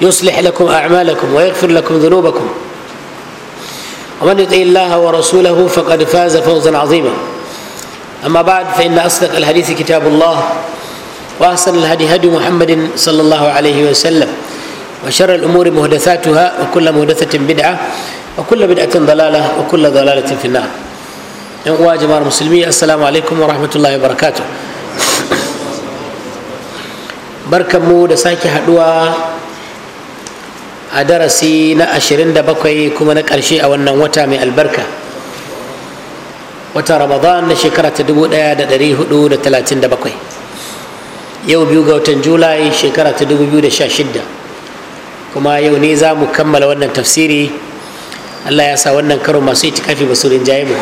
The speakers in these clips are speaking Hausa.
يصلح لكم اعمالكم ويغفر لكم ذنوبكم ومن يطع الله ورسوله فقد فاز فوزا عظيما اما بعد فان اصدق الحديث كتاب الله واحسن الهدي هدي محمد صلى الله عليه وسلم وشر الامور محدثاتها وكل محدثه بدعه وكل بدعه ضلاله وكل ضلاله في النار يا جماعه المسلمين السلام عليكم ورحمه الله وبركاته بركه da ساكي haduwa a darasi na 27 kuma na ƙarshe a wannan wata mai albarka wata ramadan na shekara ta 1437 yau biyu ga watan julai shekara ta 2016 kuma yau ne za mu kammala wannan tafsiri allah ya sa wannan karo masu itikafi ba su rinjaye mu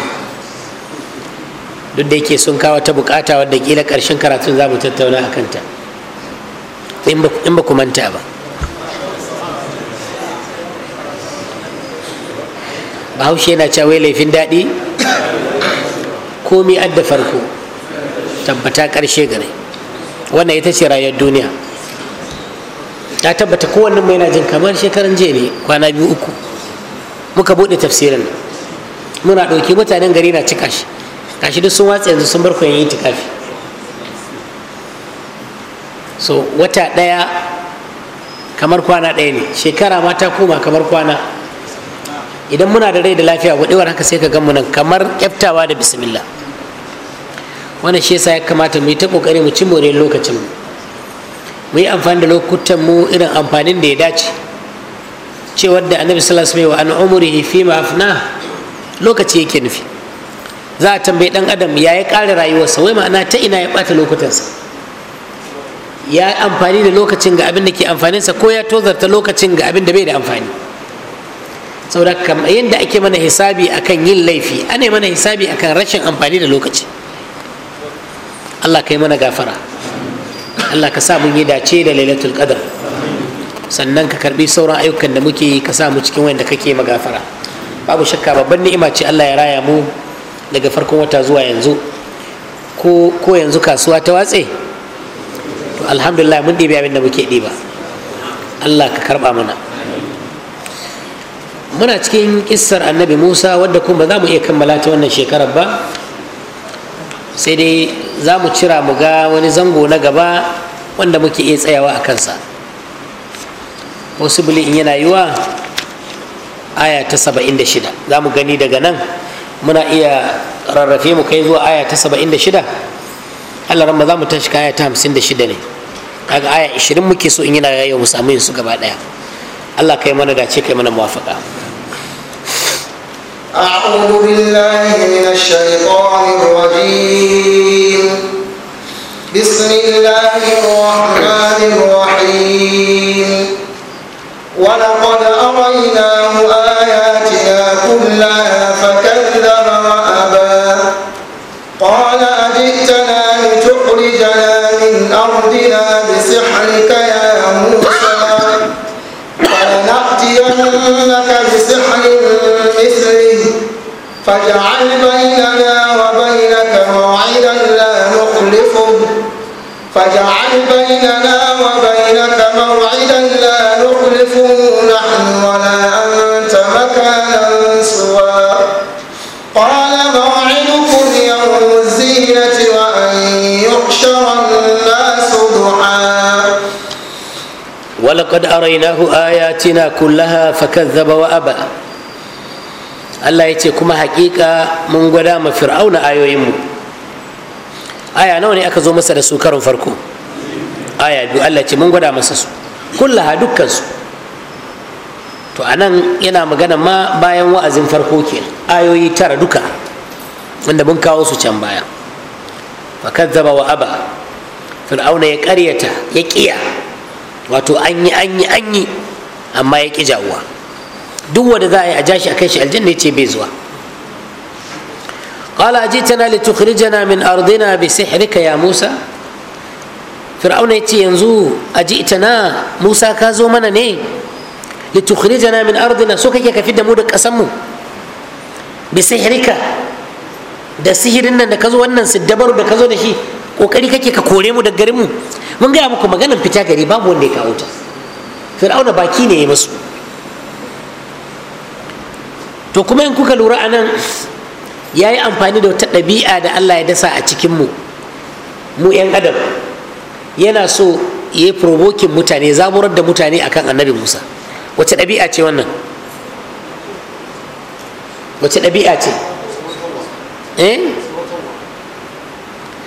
duk da yake sun kawo ta bukata wadda kila karshen karatun za mu tattauna a kanta in ba ku manta ba bahaushe yana cewa wai laifin daɗi komi adda farko tabbata ƙarshe gare wannan ita ce rayuwar duniya ta tabbata kowanne mai yana jin kamar shekaran jiya ne kwana biyu uku muka buɗe tafsirin muna ɗauki mutanen gari na cika shi kashi duk sun watsa yanzu sun bar ku yin tikafi so wata ɗaya kamar kwana ɗaya ne shekara ma ta koma kamar kwana idan muna da rai da lafiya gudewar haka sai ka gan nan kamar kyaftawa da bismillah wannan shi yasa ya kamata mu yi ta kokari mu ci more lokacin mu yi amfani da lokutan mu irin amfanin da ya dace cewa da annabi sallallahu alaihi wa an umrihi fi ma afna lokaci yake nufi za a tambayi dan adam ya ya kare rayuwarsa wai ma'ana ta ina ya bata lokutansa ya amfani da lokacin ga abin da ke amfaninsa ko ya tozarta lokacin ga abin da bai da amfani saboda kamar yadda ake mana hisabi akan yin laifi ana mana hisabi akan rashin amfani da lokaci Allah ka yi mana gafara Allah ka sa mun yi dace da lailatul qadr sannan ka karbi sauran ayyukan da muke yi ka sa mu cikin wanda kake magafara babu shakka babban ni'ima ce Allah ya raya mu daga farkon wata zuwa yanzu ko yanzu kasuwa ta watse to alhamdulillah mun ɗebe abin da muke ɗeba Allah ka karba mana muna cikin kissar annabi musa wadda kuma za mu iya kammala ta wannan shekarar ba sai dai za mu cira mu ga wani zango na gaba wanda muke iya tsayawa a kansa possibly in yana yiwa aya ta saba'in da shida za mu gani daga nan muna iya rarrafe mu kai zuwa aya ta saba'in da shida allah ramma za mu tashi ka aya ta hamsin da shida ne kaga aya 20 muke so in yana yau mu samu yin su gaba daya Allah kai mana dace kai mana muwafaka أعوذ بالله من الشيطان الرجيم بسم الله الرحمن الرحيم ولقد أريناه آياتنا كلها فكذب وأبى قال أجئتنا لتخرجنا من أرضنا بسحرك يا موسى فلنأتينك بسحر مثل فاجعل بيننا وبينك موعدا لا نخلفه فاجعل بيننا وبينك موعدا لا نخلفه نحن ولا أنت مكانا سوى قال موعدكم يوم الزينة وأن يحشر الناس ضحى ولقد أريناه آياتنا كلها فكذب وأبى Allah ya ce kuma haƙiƙa mun gwada ma fir'auna ayoyinmu aya nawa ne aka zo masa da su karin farko aya biyu Allah ce mun gwada masa su kullaha dukkan su to anan yana magana ma bayan wa'azin farko ke. ayoyi tara duka wanda mun kawo su can baya fa kazzaba wa aba fir'auna ya ƙaryata ya ƙiya wato anyi anyi anyi amma ya ƙi jawuwa duk wanda za a yi a jashi a kai shi aljanna ya ce bai zuwa قال أجئتنا لتخرجنا من أرضنا بسحرك يا موسى فرعون يتي ينزو أجئتنا موسى كازو منا ني لتخرجنا من أرضنا سوكا يكا في دمودك أسمو بسحرك da sihirin nan da ka zo wannan siddabaru da ka zo da shi kokari kake ka kore mu da garinmu mun gaya muku maganar fita gari babu wanda ya kawo ta fir'auna baki ne ya masu to kuma in kuka lura anan ya yi amfani da wata ɗabi'a da allah ya dasa a cikinmu mu 'yan adam yana so ya yi provokin mutane zaburar da mutane akan annabi musa wace ɗabi'a ce wannan wace ɗabi'a ce eh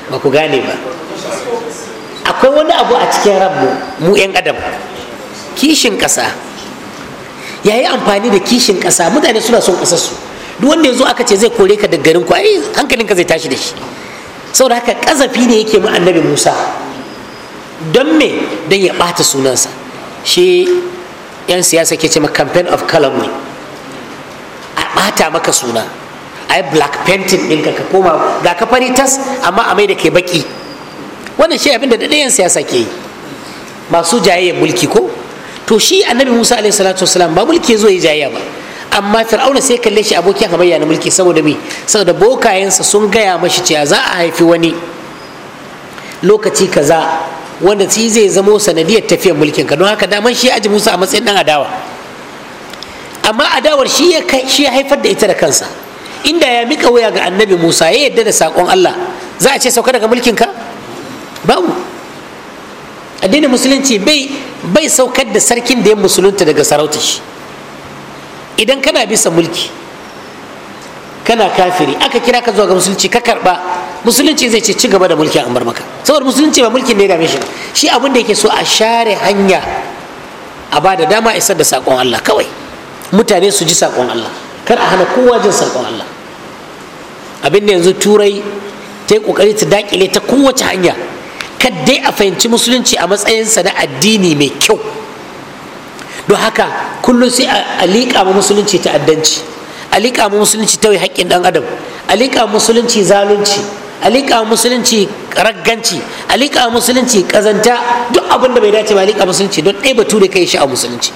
ba ku gane ba akwai wani abu a cikin rabu mu 'yan adam kishin ƙasa ya yi amfani da kishin ƙasa mutane suna son su duk wanda ya zo aka ce zai kore ka daga garin ku ai ka zai tashi da shi saboda haka ƙazafi ne yake mu annabi musa don me don ya ɓata sunansa shi 'yan siyasa ke ce ma campaign of ne. a ɓata maka suna a yi black painting ɗinka ka koma ga ka fari tas amma a mai da ke baki wannan shi abin da ɗaɗɗayan siyasa ke yi masu jayayyen mulki ko to shi annabi musa alaihi salatu wasalam ba mulki zo ya jayya ba amma fir'auna sai kalle shi abokin hamayya na mulki saboda me saboda bokayensa sun gaya mashi cewa za a haifi wani lokaci kaza wanda shi zai zamo sanadiyar tafiyar mulkin ka don haka daman shi aji musa a matsayin dan adawa amma adawar shi ya shi ya haifar da ita da kansa inda ya mika waya ga annabi musa ya yadda da sakon allah za a ce sauka daga mulkin ka babu addinin musulunci bai bai saukar da sarkin da ya musulunta daga sarauta shi idan kana bisa mulki kana kafiri aka kira ka zuwa ga musulunci ka karba musulunci zai ce ci gaba da mulki an bar maka saboda musulunci ba mulkin ne ya dame shi shi abin da yake so a share hanya a ba da dama isar da sakon Allah kawai mutane su ji sakon Allah kar a hana kowa jin sakon Allah abin da yanzu turai ta yi kokari ta dakile ta kowace hanya kaddai a fahimci musulunci a matsayinsa na addini mai kyau don haka kullum sai a liƙa ma musulunci ta'addanci a liƙa ma musulunci ta haƙƙin ɗan adam a liƙa musulunci zalunci a liƙa musulunci ragganci a liƙa musulunci ƙazanta duk abin da bai dace ba liƙa musulunci don ɗaya bature kai shi a musulunci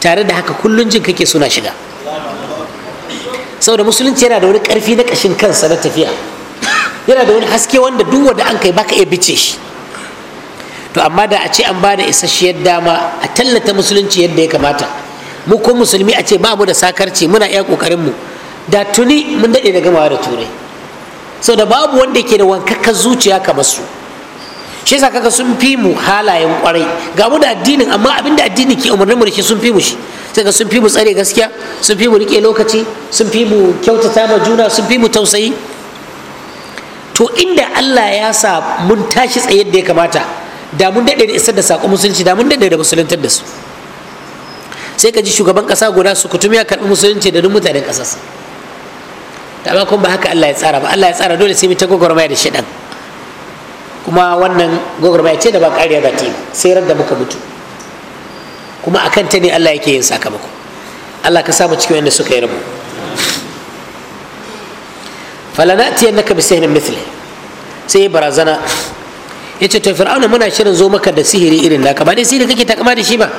tare da haka kullum jin kake suna shiga saboda musulunci yana da wani ƙarfi na ƙashin kansa na tafiya yana da wani haske wanda duk wanda an kai baka iya bice shi to amma da a ce an bada isasshiyar dama a tallata musulunci yadda ya kamata mu ko musulmi a ce ba mu da sakarci muna iya kokarin da tuni mun daɗe da gamawa da turai sau da babu wanda ke da wankakkar zuciya kamar su shi yasa kaga sun fi mu halayen kwarai ga mu da addinin amma abin da addini ke umarnin mu da sun fi mu shi sai ga sun fi mu tsare gaskiya sun fi mu rike lokaci sun fi mu kyautata ma juna sun fi mu tausayi to inda Allah ya sa mun tashi tsaye da ya kamata da mun daɗe da isar da saƙon musulunci da mun daɗe da musuluntar da su sai ka ji shugaban ƙasa guda su kutum ya karɓi musulunci da duk mutanen ƙasarsa da amma kuma ba haka Allah ya tsara ba Allah ya tsara dole sai mu ta gwagwarmaya da shaɗan kuma wannan gwagwarmaya ce da ba ƙariya ba ta yi sai ran da muka mutu kuma akan ta ne Allah yake yin sakamako Allah ka samu cikin wanda suka yi rabu falanatiyan naka bisahin mithli sai barazana yace to fir'auna muna shirin zo maka da sihiri irin naka ba dai sihiri kake takama da shi ba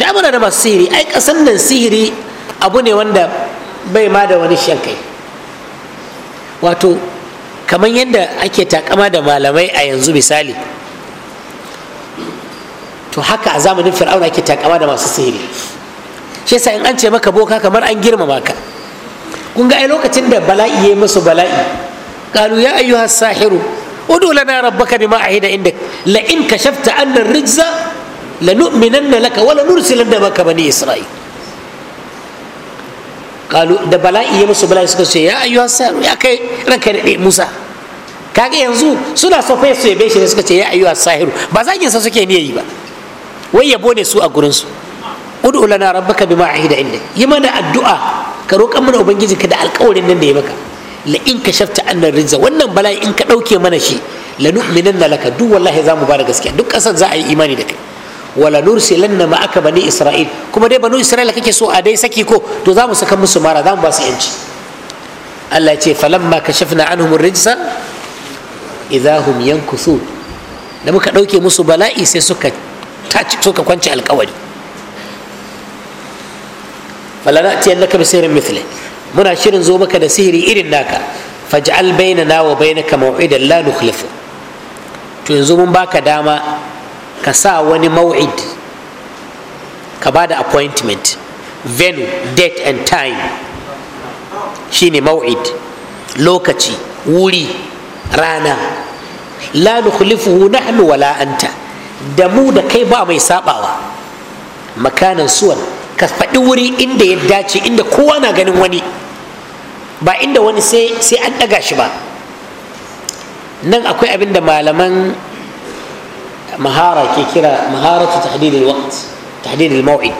da muna da masu sihiri ai kasan nan sihiri abu ne wanda bai ma da wani shan wato kamar yadda ake takama da malamai a yanzu misali to haka a zamanin fir'auna ake takama da masu sihiri shi yasa in an ce maka boka kamar an girmama ka kun ga ai lokacin da bala'i ya yi musu bala'i qalu ya ayyuhas sahiru udu lana rabbaka bima ahida indak la in kashafta anna rijza la nu'minanna laka wa la nursilanna maka isra'il da bala'i ya musu bala'i suka ce ya ayyuha ya kai musa kaga yanzu suna so fa ya yabe shi suka ce ya ayyuha sahiru ba zagin ni suke yi ba wai ya bone su a gurin su ud'u lana rabbaka bima ahida indak yi mana addu'a ka roƙa mana ka da alƙawarin nan da ya maka la in ka shafta annar rizza wannan bala'i in ka ɗauke mana shi la nu'minanna laka duk wallahi za mu ba da gaskiya duk ƙasar za a yi imani da kai wala nursilanna ma'aka bani isra'il kuma dai banu isra'ila kake so a dai saki ko to za mu saka musu mara za mu ba su yanci Allah ya ce falamma kashafna anhum rijsa idza hum yankusu da muka dauke musu bala'i sai suka taci suka kwance alkawari falanati annaka bisirin mithlihi muna shirin zo maka da sihiri irin naka faj'al bainana wa bainaka maw'idan la nukhlifu to yanzu mun baka dama ka sa wani maw'id ka bada appointment venue date and time shine maw'id lokaci wuri rana la nukhlifuhu nahnu wala anta da mu da kai ba mai sabawa makanan suwan ka faɗi wuri inda ya dace inda kowa na ganin wani ba inda wani sai an ɗaga shi ba nan akwai abin da malaman mahara ke kira maharatu tahdidil waqt tahdidil maw'id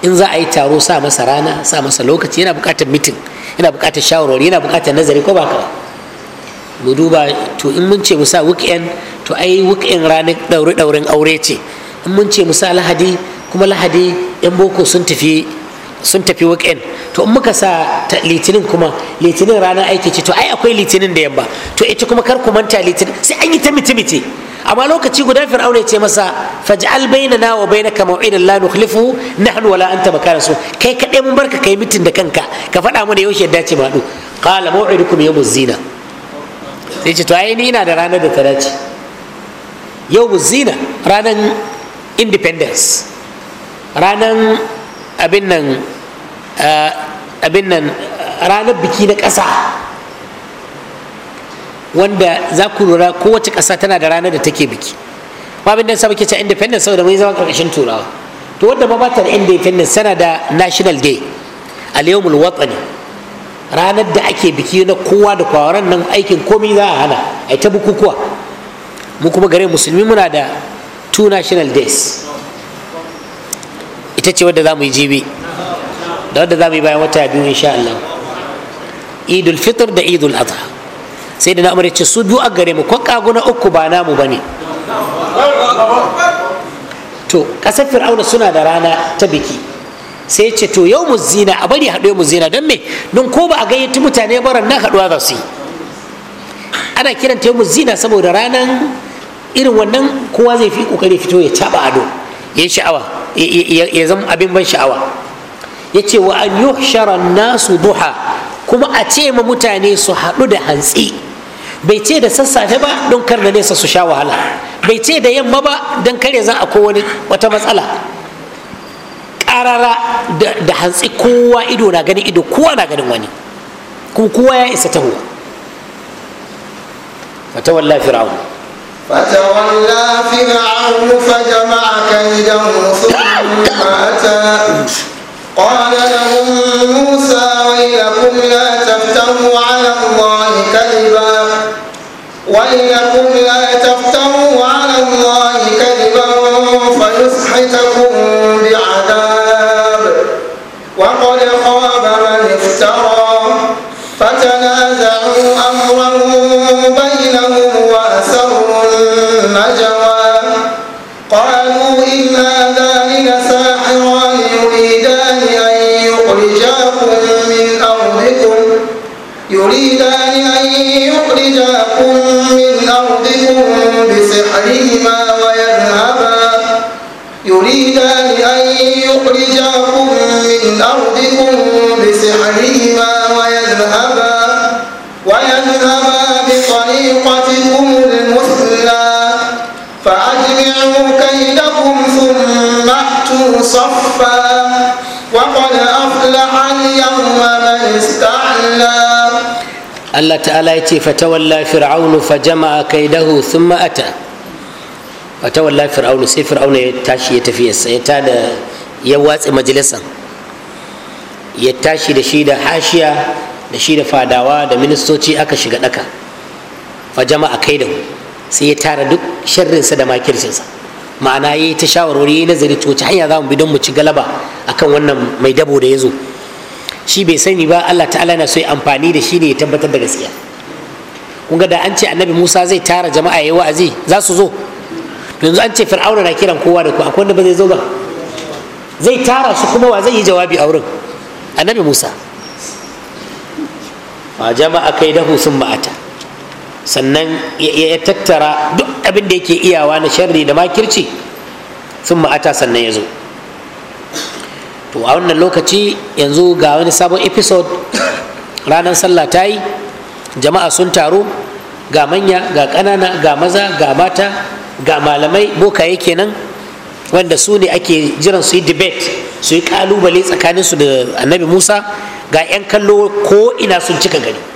in za a yi taro sa masa rana sa masa lokaci yana buƙatar mitin yana buƙatar shawarwari yana buƙatar nazari ko ba ka ba mu duba to in mun ce mu sa weekend to ai weekend ranar ɗaure ɗaurin aure ce in mun ce mu sa lahadi kuma lahadi yan boko sun tafi sun tafi weekend to in muka sa litinin kuma litinin ranar aiki ce to ai akwai litinin da yamma to ita kuma kar ku manta litinin sai an yi ta miti miti amma lokaci guda fir'aun ya ce masa faj'al bainana wa bainaka maw'idan la nukhlifu nahnu wala anta makana su kai kadai mun barka kai mitin da kanka ka faɗa mana yaushe da dace madu qala maw'idukum yawmuz zina sai ce to ai ni ina da ranar da ta dace yawmuz zina ranar independence ranar abin nan eh, abin nan ranar biki na ƙasa wanda za ku lura kowace ƙasa tana da ranar da take biki ma abin da sa muke cewa independence saboda mun zama ƙarƙashin turawa to wanda ba ta da independence tana da national day a yawmul watsani. ranar da ake biki na kowa da kwawaran nan aikin komi za a hana yi ta bukukuwa mu kuma gare musulmi muna da two national days ita ce wadda za mu yi jibi da wadda za mu yi bayan wata biyu insha Allah idul fitr da idul adha sai da na umar ce su biyu a gare mu ko na uku ba namu bane to kasar fir'auna suna da rana ta biki sai ce to yau mu zina a bari haɗu mu zina don me don ko ba a gayyaci mutane baran nan haɗuwa za su yi ana kiranta yau mu zina saboda ranan irin wannan kowa zai fi kokari fito ya taba ado ya sha'awa ya zama abin ban sha'awa ya ce wa an yuhshara nasu duha kuma a ce ma mutane su haɗu da hantsi bai ce da sassafe ba don kar da nesa su sha wahala bai ce da yamma ba don kare za a wani wata matsala ƙarara da hantsi kowa ido na ganin ido kowa na ganin wani kuma kowa ya isa taho Atawalla fir'auna فتولى فرعون فجمع كيده ثم أتى قال لهم موسى ويلكم لا تفتروا على الله كذبا ويلكم لا تفتروا على الله كذبا فيسحتكم نجوى قالوا إن هذان لساحران يريدان أن يخرجاكم من أرضكم يريدان أن يخرجاكم من أرضكم بسحرهما ويذهبا يريدان أن يخرجاكم من أرضكم بسحرهما وأوفوا كيدكم ثم أتوا صفا وقد أفلح اليوم من استعلى الله تعالى يتي فتولى فرعون فجمع كيده ثم أتى فتولى فرعون سي فرعون da shi da يواس مجلسا shi da حاشية da ministoci aka shiga أكا Fa jama'a kaidahu, sai ya tara duk sharrinsa da makircinsa ma'ana yi ta shawarwari yi nazari to wace hanya mu bi don mu ci galaba akan wannan mai dabo da ya zo shi bai sani ba Allah ta'ala na so ya amfani da shi ne ya tabbatar da gaskiya kun ga da an ce annabi Musa zai tara jama'a ya yi wa'azi za su zo yanzu an ce fir'auna na kiran kowa da ku akwai wanda ba zai zo ba zai tara su kuma wa zai yi jawabi a wurin annabi musa a jama'a kai dahu sun ma'ata sannan ya tattara duk abin da yake iyawa na sharri da makirci sun ma'ata sannan ya zo to a wannan lokaci yanzu ga wani sabon episode ranar sallah ta yi jama'a sun taru ga manya ga ƙanana ga maza ga mata ga malamai bokaye kenan wanda su ne ake jiran su yi debate su yi kalubale tsakaninsu da annabi musa ga 'yan kallo ko ina sun cika gari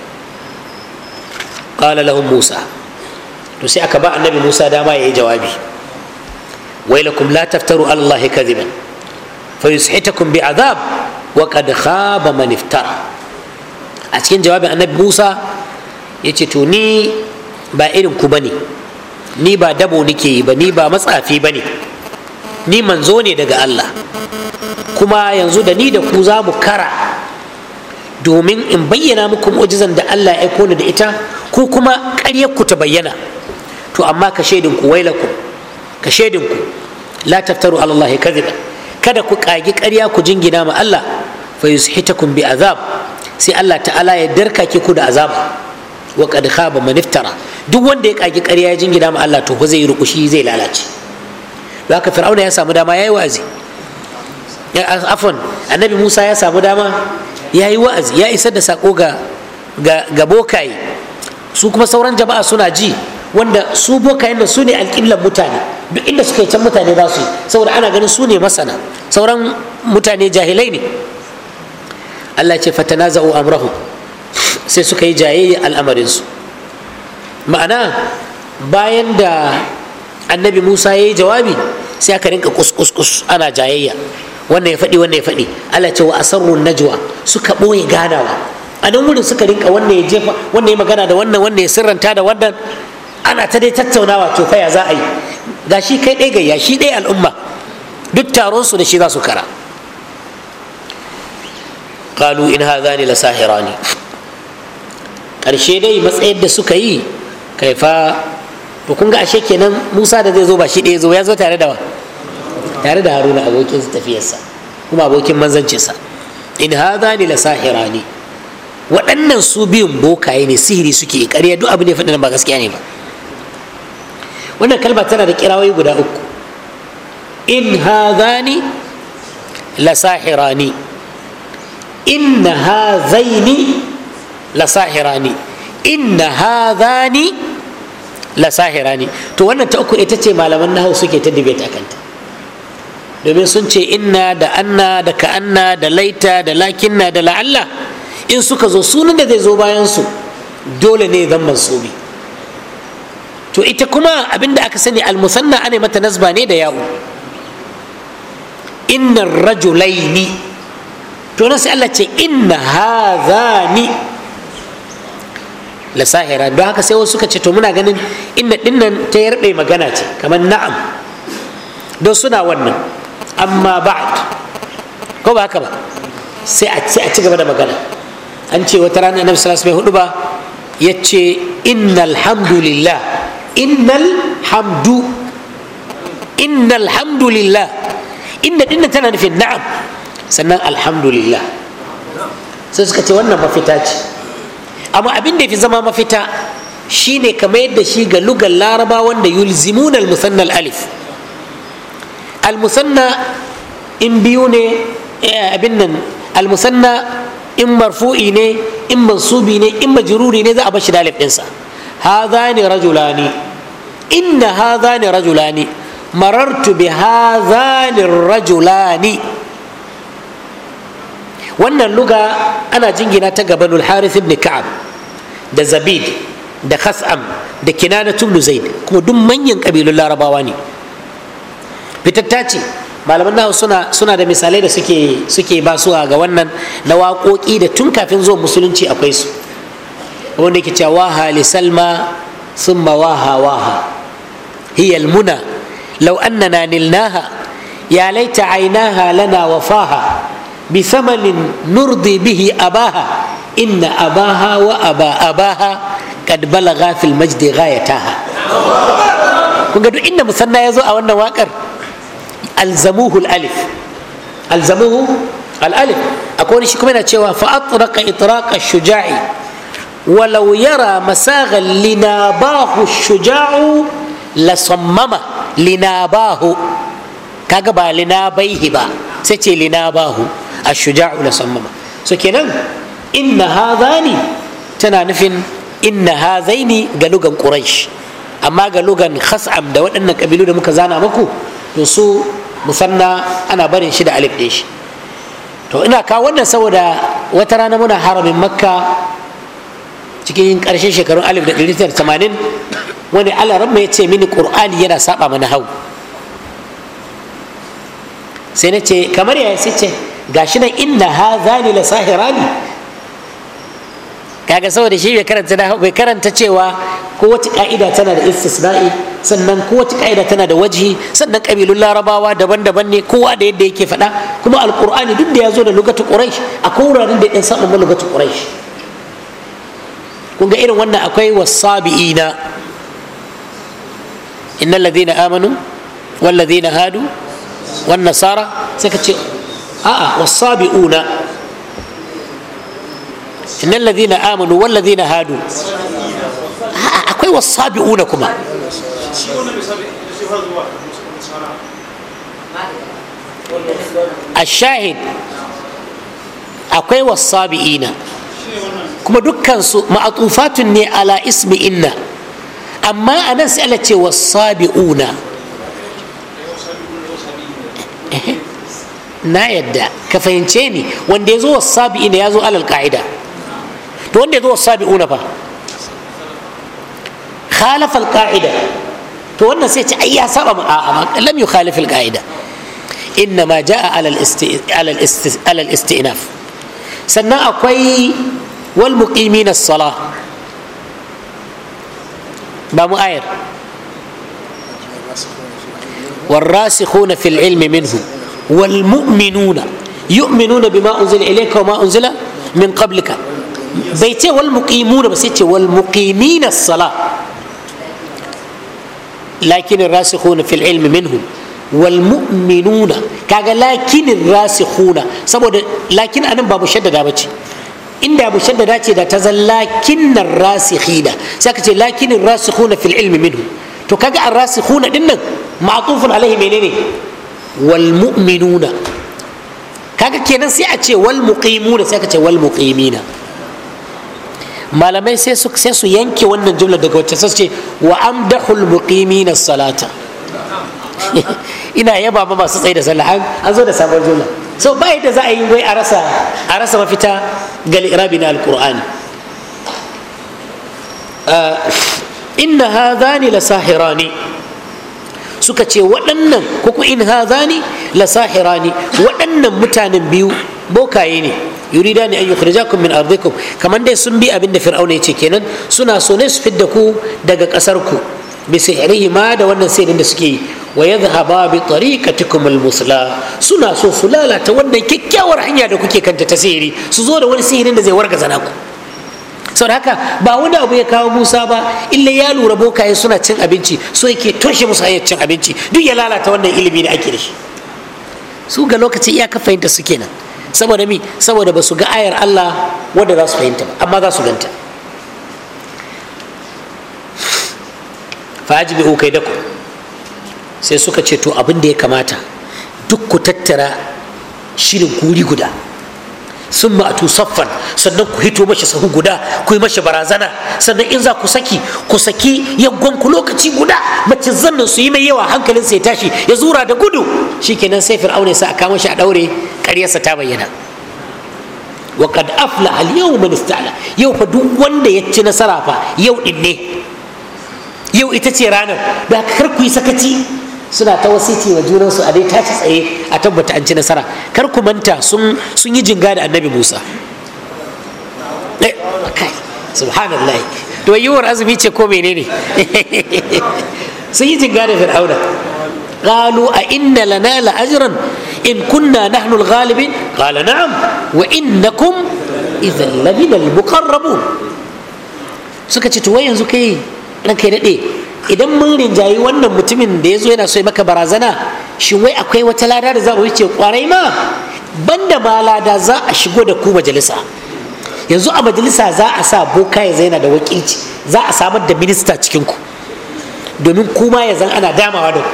qala lahum musa to sai aka ba annabi musa dama ya yi jawabi wailakum la taftaru ala allahi kadhiban fayushitakum bi'adhab wa qad khaba man iftara a cikin jawabin annabi musa ya ce to ni ba irin ku bane ni ba dabo nake yi ba ni ba matsafi bane ni manzo ne daga allah kuma yanzu da ni da ku za mu kara domin in bayyana muku mu'jizan da Allah ya koni da ita ko kuma ƙaryar ku ta bayyana to amma ka shaidin ku wailakum ka shaidin ku la taftaru Allah ya kadhiba kada ku kagi ƙarya ku jingina ma Allah fa yusihitakum bi azab sai Allah ta'ala ya darkake ku da azaba wa qad khaba man iftara duk wanda ya kagi ƙarya ya jingina ma Allah to fa zai rukushi zai lalace haka fir'auna ya samu dama yayi wazi afwan annabi Musa ya samu dama ya yi wa'azi ya isar da sako ga ga bokaye su kuma sauran jama'a suna ji wanda su bokayen da su ne alƙillan mutane duk inda suka yi can mutane ba su yi saboda ana ganin su ne masana sauran mutane jahilai ne allah ce fatana za'u amrahu sai suka yi jayayya al'amarinsu ma'ana bayan da annabi musa ya yi jawabi sai aka rinka kus kus kus ana jayayya wannan ya faɗi wannan ya faɗi Allah ce wa asarrun najwa suka ɓoye ganawa a nan wurin suka rinka wannan ya jefa wannan ya magana da wannan wannan ya sirranta da wannan ana ta dai tattaunawa to faya za a yi ga shi kai ɗaya gayya shi ɗaya al'umma duk taron su da shi za su kara qalu in hadhani la sahirani karshe dai matsayin da suka yi kaifa to kun ga ashe kenan Musa da zai zo ba shi ɗaya zo ya zo tare da wa tare da haruna abokin tafiyarsa kuma abokin manzancinsa in hadha ni la sahirani waɗannan su biyun bokaye ne sihiri suke ƙarya duk abin da ya faɗi ba gaskiya ne ba wannan kalma tana da kirawai guda uku in hadhani la sahirani inna ni? la sahirani inna ni la sahirani to wannan ta uku ita ce malaman nahawu suke ta debate kanta domin sun ce inna da anna da ka'anna da laita da lakinna da la'alla in suka zo sunan da zai zo bayan su dole ne zan mansubi to ita kuma abinda aka sani almusanna ana mata nasba ne da yawo inna rajulaini to nan sai Allah ce inna hadhani la sahira don haka sai wasu suka ce to muna ganin inna dinnan ta yarbe magana ce kamar na'am don suna wannan amma ba'd ko ba haka ba sai a ci a ci gaba da magana an ce wata rana annabi sallallahu alaihi wasallam ya ce innal hamdulillah innal hamdu innal hamdulillah inda dinna tana nufin na'am sannan alhamdulillah sai suka ce wannan mafita ce amma abin da ya fi zama mafita shine kamar yadda shi ga lugar laraba wanda yulzimunal al alif almusanna in biyu ne eh, abin nan almusanna in marfu'i ne in mansubi ne in majruri ne za a bashi dalib ɗinsa hazani rajulani inna hazani rajulani marartu bi hazani rajulani wannan luga ana jingina ta ga banul ibn ka'ab da zabid da khas'am da kinana ibn zaid kuma duk manyan ƙabilun larabawa ne fitatta ce malaman nahu suna suna da misalai da suke suke basuwa ga wannan na waƙoƙi da tun kafin zuwa musulunci akwai su wanda yake cewa waha li salma summa waha waha hiya almuna law annana nilnaha ya laita ainaha lana wafaha bi thamanin nurdi bihi abaha inna abaha wa aba abaha qad balagha fil majdi ghayataha kun ga duk inda musanna ya zo a wannan waƙar alzamuhu alif alzamuhu alif akwai wani shi kuma yana cewa fa atraqa itraqa shuja'i walau yara masaghan linabahu shuja'u la sammama linabahu kaga ba linabaihi ba sai ce linabahu ashuja'u la sammama so kenan inna hadhani tana nufin inna ni ga lugan quraish amma ga lugan khas'am da waɗannan kabilu da muka zana maku. to su musanna ana barin shi da alif ɗin shi to ina kawo wannan saboda wata rana muna haramin makka cikin ƙarshen shekarun alif da ɗari tamanin wani alaramma ya ce mini ƙur'ani yana saba mana hau sai na ce kamar yaya sai ce gashi nan inna ha zani la sahirani kaga saboda shi bai karanta bai karanta cewa kowace ka'ida tana da istisna'i sannan kowace ka'ida tana da wajhi sannan kabilun larabawa daban-daban ne kowa da yadda yake faɗa kuma alqur'ani duk da ya zo da lugatu quraish akwai wuraren da ya samu ma lugatu quraish kun ga irin wannan akwai wasabi'ina innal ladina amanu wal ladina hadu wan nasara sai ka ce a'a wasabi'una innal ladina amanu wal ladina hadu akwai wasabi'una kuma ashahid akwai wasabi'ina kuma dukkansu ma'atufatun ne ala ismi inna amma a nan sai ala ce wasabi'una na yadda ka fahimce ni wanda ya zo ya zo alal دون يدو السابقون با خالف القاعدة تون نسيت أي سبب آه، لم يخالف القاعدة إنما جاء على الاست على الاست على الاستئناف سناء قوي والمقيمين الصلاة بمؤير والراسخون في العلم منه والمؤمنون يؤمنون بما أنزل إليك وما أنزل من قبلك bai ce wal muqimuna ba sai ce wal muqimina sala lakin rasikhuna fil ilmi minhum wal mu'minuna kaga lakin rasikhuna saboda lakin anan ba mushaddada bace inda mushaddada ce da ta zan lakin rasikhina sai ka ce lakin rasikhuna fil ilmi minhum to kaga an rasikhuna dinnan ma'tufun alaihi menene wal mu'minuna kaga kenan sai a ce wal muqimuna sai ka ce wal muqimina malamai sai su sai su yanke wannan jumla daga wacce sai su ce wa amdahul muqimina salata ina yaba ba masu tsaye da sallah an zo da sabon jumla so ba yadda za a yi wai a rasa a rasa mafita ga irabi na alqur'ani uh, inna hadhani la sahirani suka ce waɗannan ko in hadhani la sahirani waɗannan mutanen biyu bokaye ne yurida ne an yukhrijakum min ardikum kamar dai sun bi abinda fir'auna ya ce kenan suna so ne su fidda ku daga kasar ku bi sihrihi ma da wannan sihirin da suke yi wa yadhhaba bi tariqatikum al suna so su lalata wannan kyakkyawar hanya da kuke kanta ta sihiri su zo da wani sihirin da zai warga zana ku sau haka ba wani abu ya kawo musa ba illa ya lura bokaye suna cin abinci so yake toshe musu hanyar cin abinci duk ya lalata wannan ilimi da ake da shi su ga lokaci iyaka fahimta su kenan saboda mi saboda ba su ga ayar Allah wadda za su fahimta ba amma za su ganta fa ajibi kai ku, sai suka ce to abin da ya kamata duk ku tattara shirin kuri guda sun ma'atu saffan sannan ku hito mashi sahu guda ku yi mashi barazana sannan in za ku saki ku saki yaggon ku lokaci guda mace zannan su yi mai yawa hankalin sai tashi ya zura da gudu shikenan sai fir'auna ya sa aka mashi a daure ƙaryarsa ta bayyana wa qad afla al-yawma ista'la yau fa duk wanda ya ci nasara fa yau din ne yau ita ce ranar da kar ku yi sakaci suna ta wasiti wa junansu a dai tashi tsaye a tabbata an ci nasara kar ku manta sun yi jinga da annabi musa eh, subhanallah to yiwuwar azumi ce ko menene sun yi jinga da fir'auna قالوا أئن لنا لأجرا إن كنا نحن الغالبين قال نعم وإنكم إذا لمن المقربون suka ce to wai yanzu kai ranka ya daɗe idan mun rinjayi wannan mutumin da ya zo yana so maka barazana shin wai akwai wata lada da za a wuce kwarai ma banda ma lada za a shigo da ku majalisa yanzu a majalisa za a sa boka ya zaina da wakilci za a samar da minista cikin ku domin kuma ya zan ana damawa da ku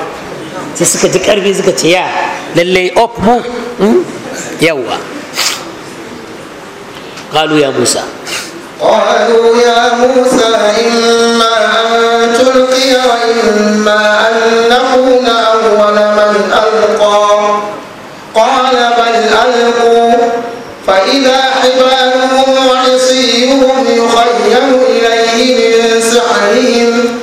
sai suka ji karfi suka ce ya lallai op mu hmm? yawwa Kalu ya Musa. قالوا يا موسى إما أن تلقي وإما أن نكون أول من ألقى قال بل ألقوا فإذا حبالهم وعصيهم يخيل إليه من سحرهم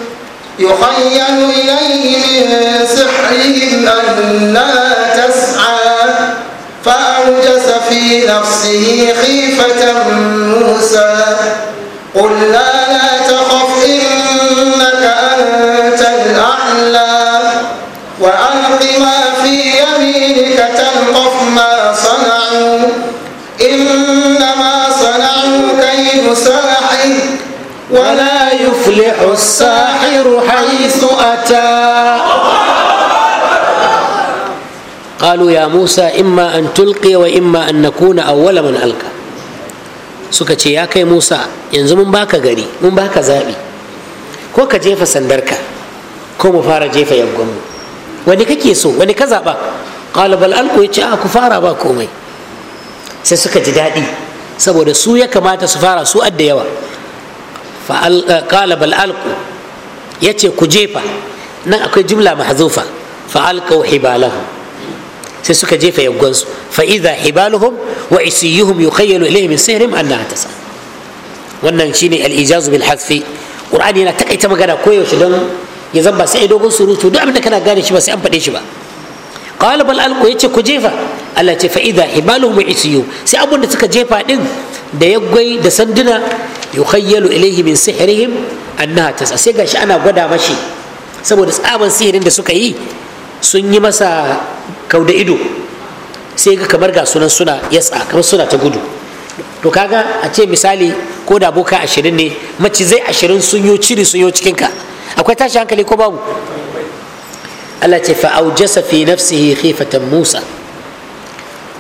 يخيل إليه من سحرهم أنها تسعى أوجس في نفسه خيفة موسى قلنا لا تخف إنك أنت الأعلى وألق ما في يمينك تلقف ما صنعوا إنما صنعوا كيد ساحر ولا يفلح الساحر حيث أتى قالوا يا موسى إما أن تلقي وإما أن نكون أول من ألقى suka ce ya kai musa yanzu mun baka gari mun baka zaɓi ko ka jefa sandarka ko mu fara jefa yaggonmu wani kake so wani ka zaɓa ƙalabal alko ya ce a ku fara ba komai sai suka ji daɗi saboda su ya kamata su fara su adda yawa ƙalabal alko ya ce ku jefa nan akwai jumla mahazufa fa'alƙau hibalahu sai suka jefa yaggonsu fa idza hibaluhum wa isiyuhum yukhayyalu ilayhi min sihrihim annaha tasa wannan shine al-ijaz bil hadfi qur'ani yana takaita magana koyaushe don ya zamba sai dogon surutu duk abinda kana gane shi ba sai an faɗe shi ba qala bal alqu yace ku jefa Allah ce fa idza hibaluhum wa isiyuhum sai abun da suka jefa din da yaggwai da sanduna yukhayyalu ilayhi min sihrihim annaha tasa sai gashi ana gwada mashi saboda tsaban sihirin da suka yi sun yi masa kau da ido sai ga kamar ga sunan suna yasa kamar suna ta gudu to kaga a ce misali ko da boka ashirin ne mace zai ashirin sun yo ciri sun yo cikinka akwai tashi hankali ko babu Allah ce fa aujasa fi nafsihi khifatan Musa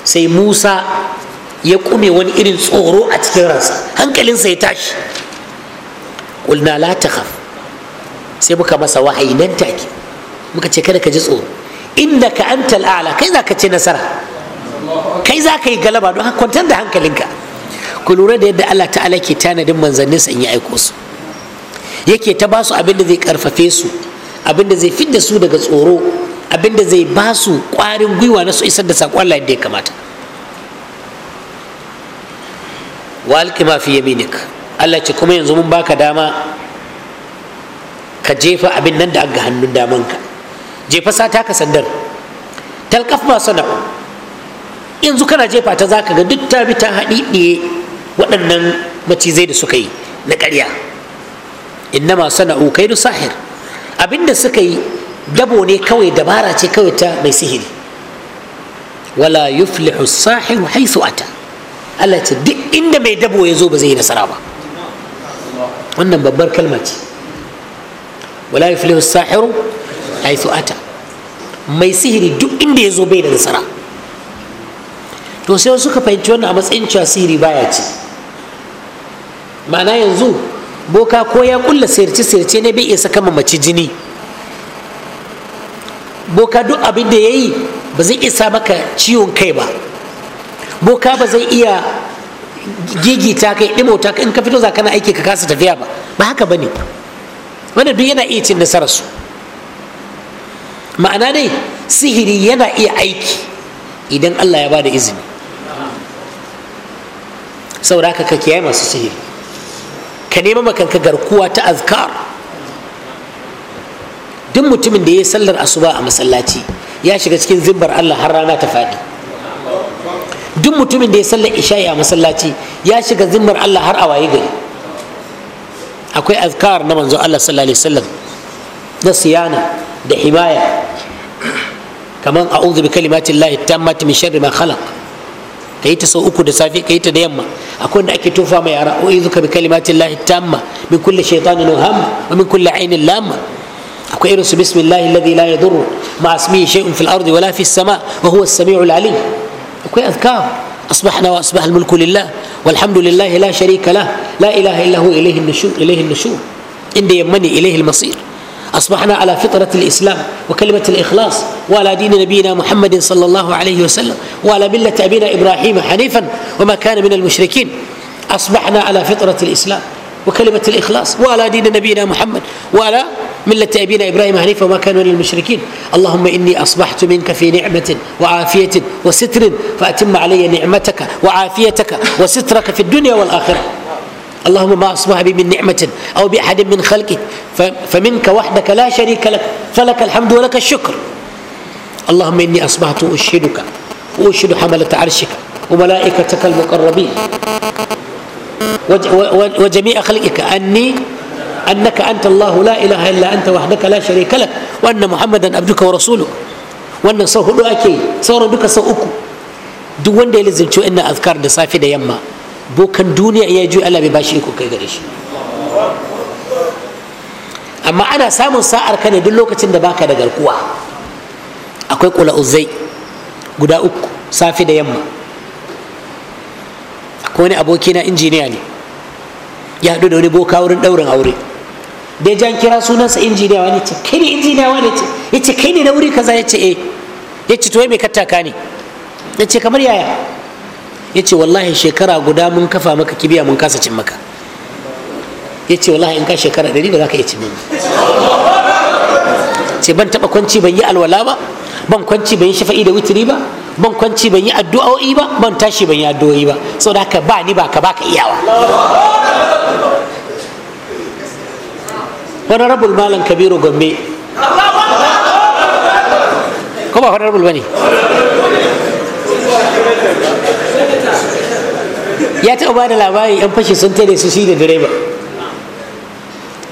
sai Musa ya kume wani irin tsoro a cikin ransa hankalinsa ya tashi qulna la takhaf sai muka masa wahayi nan take muka ce kada ka ji tsoro innaka antal a'la kai za ka ci nasara kai za ka yi galaba don kwantar da hankalinka ku lura da yadda Allah ta'ala ke tanadin manzanninsa in ya aiko su yake ta ba su abin da zai karfafe su abin da zai fidda su daga tsoro abin da zai ba su kwarin gwiwa na su isar da saƙon Allah yadda ya kamata walki ma fi yaminik Allah ce kuma yanzu mun baka dama ka jefa abin nan da aga hannun damanka jefa sata ka sandar talqaf ma sana yanzu kana jefa ta zaka ga duk ta bi ta haɗiɗiye waɗannan macizai da suka yi na ƙarya innama kai kaidu sahir abinda suka yi dabo ne kawai dabara ce kawai ta mai sihiri wala yuflihu sahiru haisu ata Allah ce duk inda mai dabo ya zo ba zai yi nasara ba wannan babbar kalma ce wala yuflihu sahiru yi su'ata mai sihiri duk inda ya zo bai da nasara to sai suka fahimci wannan a matsayin cewa sihiri baya ci ma'ana yanzu boka ko ya kulla sirce sirce ne bai iya saka mace jini boka duk abin da ya yi ba zai isa maka ciwon kai ba boka ba zai iya gigita kai kai in ka fito za kana aiki ka kasa tafiya ba ba haka ba ne wanda duk yana iya cin nasararsu su ma'ana dai sihiri yana iya aiki idan allah ya ba da izini saboda haka ka kiyaye masu sihiri ka nema makanka garkuwa ta azkar duk mutumin da ya sallar asuba a masallaci ya shiga cikin zimbar allah har rana ta faɗi duk mutumin da ya sallar isha'i a masallaci ya shiga zimbar allah har a waye gari akwai azkar na manzo allah sallallahu alaihi wasallam na siyana da himaya kamar a'udhu bi kalimati llahi tammati min sharri ma khalaq kai ta sau uku da safe kai ta da yamma akwai da ake tofa mai yara u'izuka bi kalimati llahi tamma min kulli shaytanin hamma wa min kulli ainin lamma akwai irin su bismillahi alladhi la yadurru ma ismihi shay'un fil ardi wala fis sama wa huwa as-sami'u al-alim akwai azkar أصبحنا وأصبح الملك لله والحمد لله لا شريك له لا إله إلا هو إليه النشور إليه النشور إن يمني إليه المصير أصبحنا على فطرة الإسلام وكلمة الإخلاص ولا دين نبينا محمد صلى الله عليه وسلم ولا ملة أبينا إبراهيم حنيفا وما كان من المشركين أصبحنا على فطرة الإسلام وكلمة الإخلاص ولا دين نبينا محمد ولا ملة أبينا إبراهيم حنيفا وما كان من المشركين اللهم إني أصبحت منك في نعمة وعافية وستر فأتم علي نعمتك وعافيتك وسترك في الدنيا والآخرة اللهم ما أصبح بي من نعمة أو بأحد من خلقك فمنك وحدك لا شريك لك فلك الحمد ولك الشكر اللهم إني أصبحت أشهدك وأشهد حملة عرشك وملائكتك المقربين وجميع خلقك أني أنك أنت الله لا إله إلا أنت وحدك لا شريك لك وأن محمدا عبدك ورسولك وأن صوه أكي صور بك صوءك دو وين لازم شو إن أذكار لصافي يما bokan duniya iya juyi Allah bai bashi iko kai gare shi amma ana samun sa'ar ka ne duk lokacin da baka da garkuwa akwai kula uzai guda uku safe da yamma akwai wani aboki na injiniya ne ya haɗu da wani boka wurin ɗaurin aure dai jan kira sunansa injiniya wani ce kai ne injiniya wani ce ya ce kai ne na wuri kaza ya ce eh ya ce to me kattaka ne ya ce kamar yaya ya ce wallahi shekara guda mun kafa maka kibiya mun kasa cin maka ya ce wallahi in ka shekara ɗari ba za ka iya cin mini ce ban taɓa kwanci ban yi alwala ba ban kwanci ban yi shafa'i da witiri ba ban kwanci ban yi addu'o'i ba ban tashi ban yi addu'o'i ba da ka ba ni ba ka baka iyawa wani rabul malam kabiru gombe ko ba wani rabul ba ne ya taɓa ba da labari yan fashi sun tare su shi da direba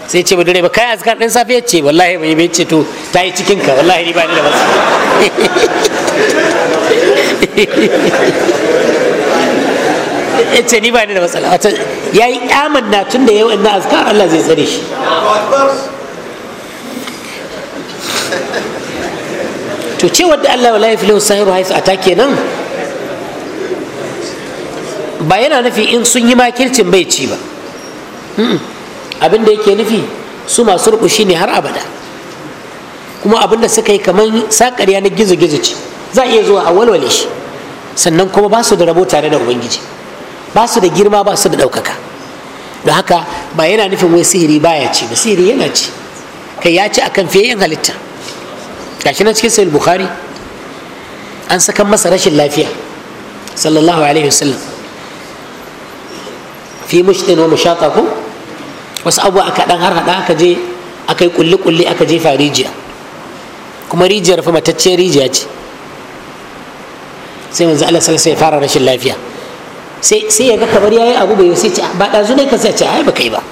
sai ce ba direba kai azkar ɗin safe ce wallahi bai bai ce to ta yi cikin ka wallahi ni ba ni da masu ce ni ba ni da matsala wata ya yi na tun da yau ina azkar Allah zai tsare shi to ce wadda Allah wala ya filin sahiru haisu a take nan ba yana nufi in sun yi makircin bai ci ba abin da yake nufi su masu rukushi ne har abada kuma abin da suka yi kamar sakar yanar gizo-gizo ce za a iya zuwa a walwale shi sannan kuma ba su da rabo tare da ubangiji ba su da girma ba su da ɗaukaka don haka ba yana nufin wai sihiri baya ci ba sihiri yana ci kai ya ci akan fiye yin halitta gashi na cikin sahih bukhari an saka masa rashin lafiya sallallahu alaihi wasallam fi mushtin wa mushataku ko wasu abu aka dan har hada aka je aka yi kulle kulle aka jefa rijiya kuma rijiyar fa matacce rijiya ce sai manzo Allah sai ya fara rashin lafiya sai sai ya ga kamar yayi abu bai sai ce ba ɗazu ne ka sai ce ai ba kai ba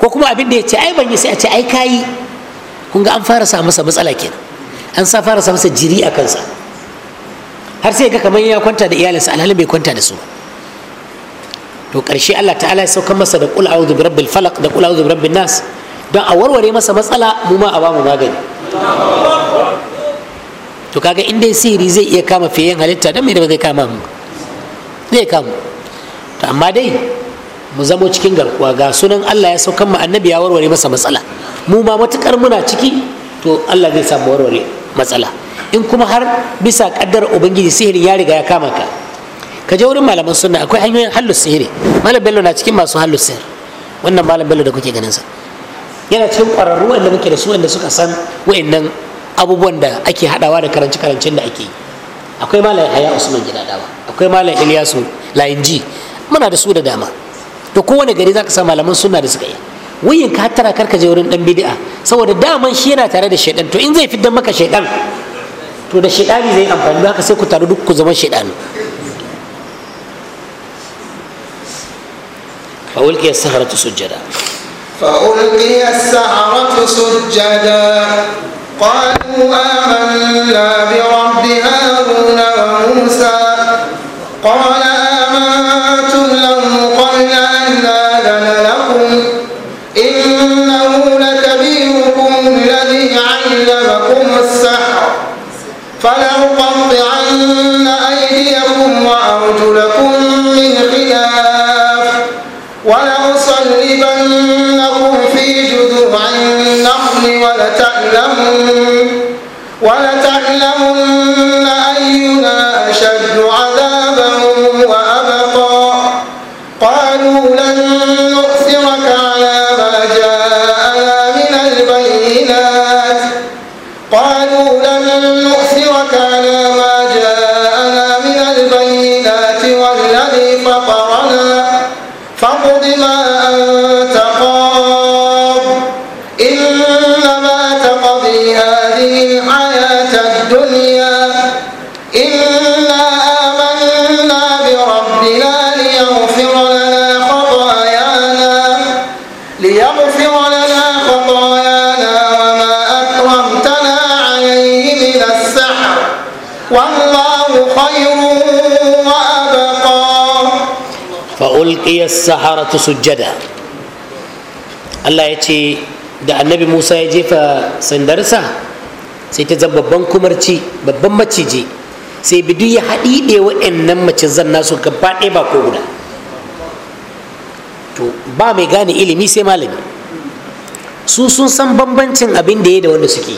ko kuma abin da ya ce ai ban yi sai a ce ai kayi kun ga an fara sa masa matsala kenan an sa fara sa masa jiri a kansa har sai ga kamar ya kwanta da iyalinsa alhali bai kwanta da su ba to ƙarshe Allah ta'ala ya saukar masa da kul a'udhu rabbil falaq da kul a'udhu rabbin nas don a warware masa matsala mu ma a ba mu magani to kaga in dai sihiri zai iya kama fiyen halitta don me da zai kama mu zai kama to amma dai mu zamo cikin garkuwa ga sunan Allah ya saukan mu annabi ya warware masa matsala mu ma matukar muna ciki to Allah zai samu warware matsala in kuma har bisa kaddar ubangiji sihirin ya riga ya kama ka ka je wurin malaman sunna akwai hanyoyin hallu sihiri malam bello na cikin masu hallu sihiri wannan malam bello da kuke ganin sa yana cikin ƙwararru wanda muke da su wanda suka san wayannan abubuwan da ake haɗawa da karance karancin da ake yi akwai malam haya usman gidadawa akwai malam ilyasu layinji muna da su da dama to kowane gari zaka sa malaman sunna da suka yi wayin ka tara karka je wurin dan bid'a saboda daman shi yana tare da shaidan to in zai fiddan maka shaidan to da shaidani zai amfani da haka sai ku taru duk ku zama shaidanu فألقي السهرة سجدا فألقي السهرة سجدا قالوا آمنا برب هارون وموسى قال آمنتم له قبل أن آذن لكم إنه لكبيركم الذي علمكم السحر فلأقطعن أيديكم وأرجلكم ولتعلمن ulqiya saharatu sujjada Allah ya ce da annabi Musa ya jefa sandarsa sai ta zama babban kumarci babban maciji sai bidu ya haɗi haɗiɗe wa'annan zan nasu gaba ɗaya ba ko guda to ba mai gane ilimi sai malami su sun san bambancin abin da ya da wanda suke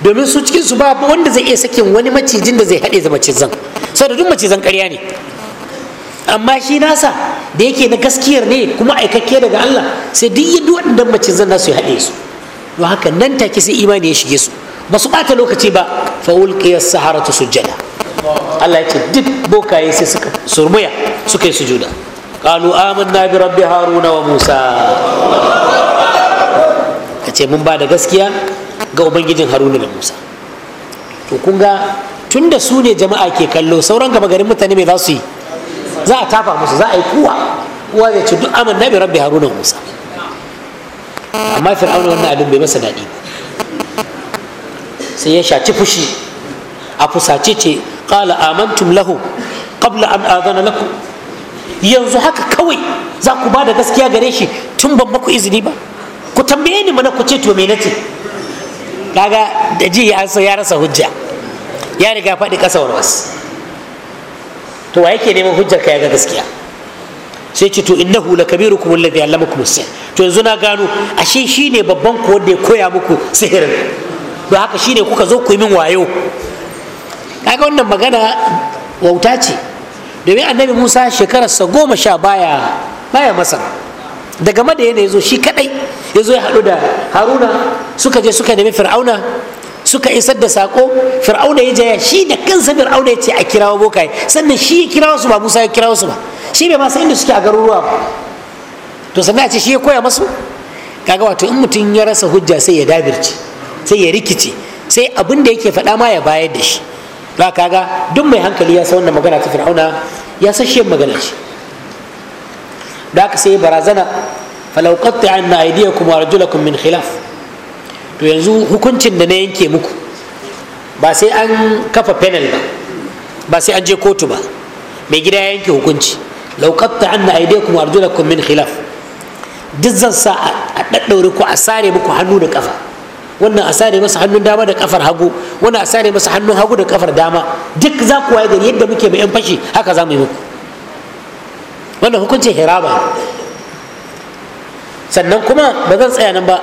domin su cikinsu ba wanda zai iya sakin wani macijin da zai haɗe da macizan sau da duk macizan karya ne amma shi nasa da yake na gaskiyar ne kuma aikakke daga Allah sai duk yadda waɗannan zan nasu ya haɗe su don haka nan take sai imani ya shige su ba su ɓata lokaci ba fa ulqiya saharatu sujjada Allah ya ce duk bokaye sai suka surmuya suka yi sujuda qalu amanna bi rabbi haruna wa musa kace mun ba da gaskiya ga ubangijin haruna da musa to kun ga tunda su ne jama'a ke kallo sauran gaba garin mutane me za su yi za a tafa musu za a yi kuwa Kuwa zai ce duk aman nabi rabbi haruna musa amma fir'auna wannan abin bai masa daɗi sai ya shaci fushi a fusace ce qala amantum lahu qabla an adana lakum yanzu haka kawai za ku ba da gaskiya gare shi tun ban maku izini ba ku tambaye ni mana ku ce to me nace kaga da ji an ya rasa hujja ya riga faɗi ƙasa warwas to wa yake neman hujjar ya ga gaskiya sai ce to innahu lakabirukum alladhi allamakum sihr to yanzu na gano ashe shine babban ku wanda ya koya muku sihirin To haka shine kuka zo ku yi min wayo kaga wannan magana wauta ce domin annabi Musa shekararsa goma sha baya baya Da daga da ya zo shi kadai ya zo ya haɗu da haruna suka je suka nemi fir'auna suka isar da sako fir'auna ya jaya shi da kansa fir'auna ya ce a kirawo bokaye sannan shi ya kirawo su ba musa ya kirawo su ba shi bai ma san inda suke a garuruwa ba to sannan a ce shi ya koya masu kaga wato in mutum ya rasa hujja sai ya dabirce sai ya rikice sai abin da yake faɗa ma ya bayar da shi ba kaga duk mai hankali ya san wannan magana ta fir'auna ya san shi magana ce da haka sai barazana falau qatta'anna aydiyakum wa arjulakum min khilaf to yanzu hukuncin da na yanke muku ba sai an kafa panel ba ba sai an je kotu ba mai gida ya yanke hukunci an na aide kuma arjuna min khilaf duk zan sa a ɗaɗɗaure ku a sare muku hannu da ƙafa wannan a sare masa hannun dama da ƙafar hagu wannan a sare masa hannun hagu da ƙafar dama duk za ku waye gari yadda muke mai yan fashi haka za mu yi muku wannan hukuncin hiraba ne sannan kuma ba zan tsaya nan ba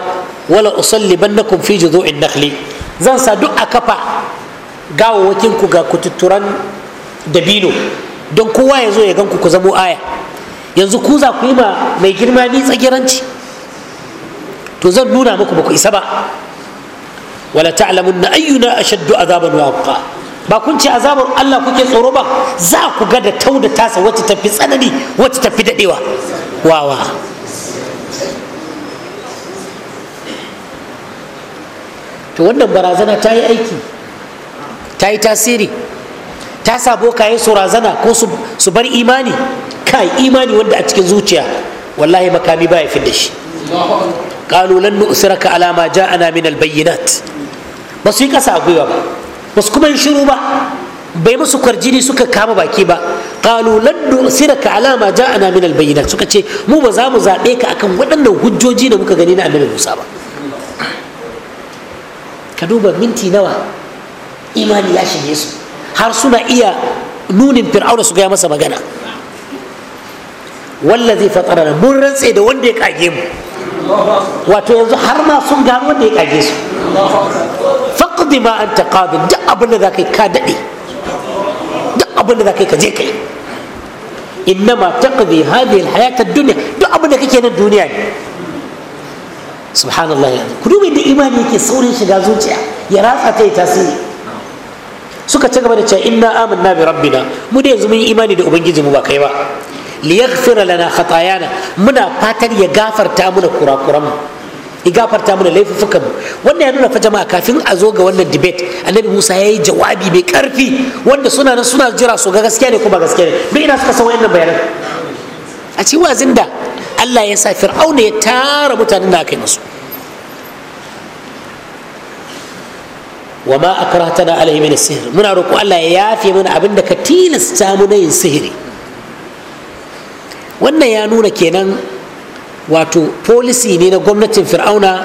wala usalli bannakum fi judu'in nakhli zan sa duk a kafa gawawakin ku ga kututturan dabino don kowa ya zo ya gan ku ku zamo aya yanzu ku za ku yi ma mai girma ni tsagiranci to zan nuna muku ba ku isa ba wala na ayyuna ashaddu azaban wa abqa ba kun ce azabar Allah kuke tsoro ba za ku ga da tau da tasa wacce tafi tsanani wacce tafi dadewa wawa to wannan barazana ta yi aiki ta yi tasiri ta sa bokaye su razana ko su bar imani kai imani wanda a cikin zuciya wallahi makami ba ya fi da shi min albayyinat. Ba su yi ƙasa a gwiwa ba. Ba su kuma yi shiru ba. bai musu kwarjini suka kama baki ba qalu lan nusiraka ala ma ja'ana min albayyinat suka ce mu ba za mu zabe ka akan waɗannan hujjoji da muka gani na annabi Musa ba ka duba minti nawa imani ya shige su har suna iya nunin fir'auna su gaya masa magana wallazi fatarana mun rantse da wanda ya kage mu wato yanzu har ma sun gano wanda ya kage su faqdi ma anta qadi duk abin da zakai ka dade abin da za ka yi ka je ka yi innama taqdi duk abin da kake nan duniya ne subhanallah ku duba yadda imani yake saurin shiga zuciya ya ratsa ta yi tasiri suka ci gaba da cewa inna amanna bi rabbina mu da yanzu mun yi imani da ubangiji mu ba kai ba liyaghfira lana khatayana muna fatar ya gafarta mana kurakuran mu i gafarta mana laifuffukan mu wannan ya nuna fa jama'a kafin a zo ga wannan debate annabi Musa ya yi jawabi mai karfi wanda suna nan suna jira su ga gaskiya ne ko ba gaskiya ne bai ina suka san wannan bayanan a ci wazin da Allah ya sa Fir'auna ya tara mutanen da aka yi musu wa ma akrahtana alayhi min sihr muna roƙo Allah ya yafe mana abin da ka tilasta mu na yin sihiri wannan ya nuna kenan wato policy ne na gwamnatin fir'auna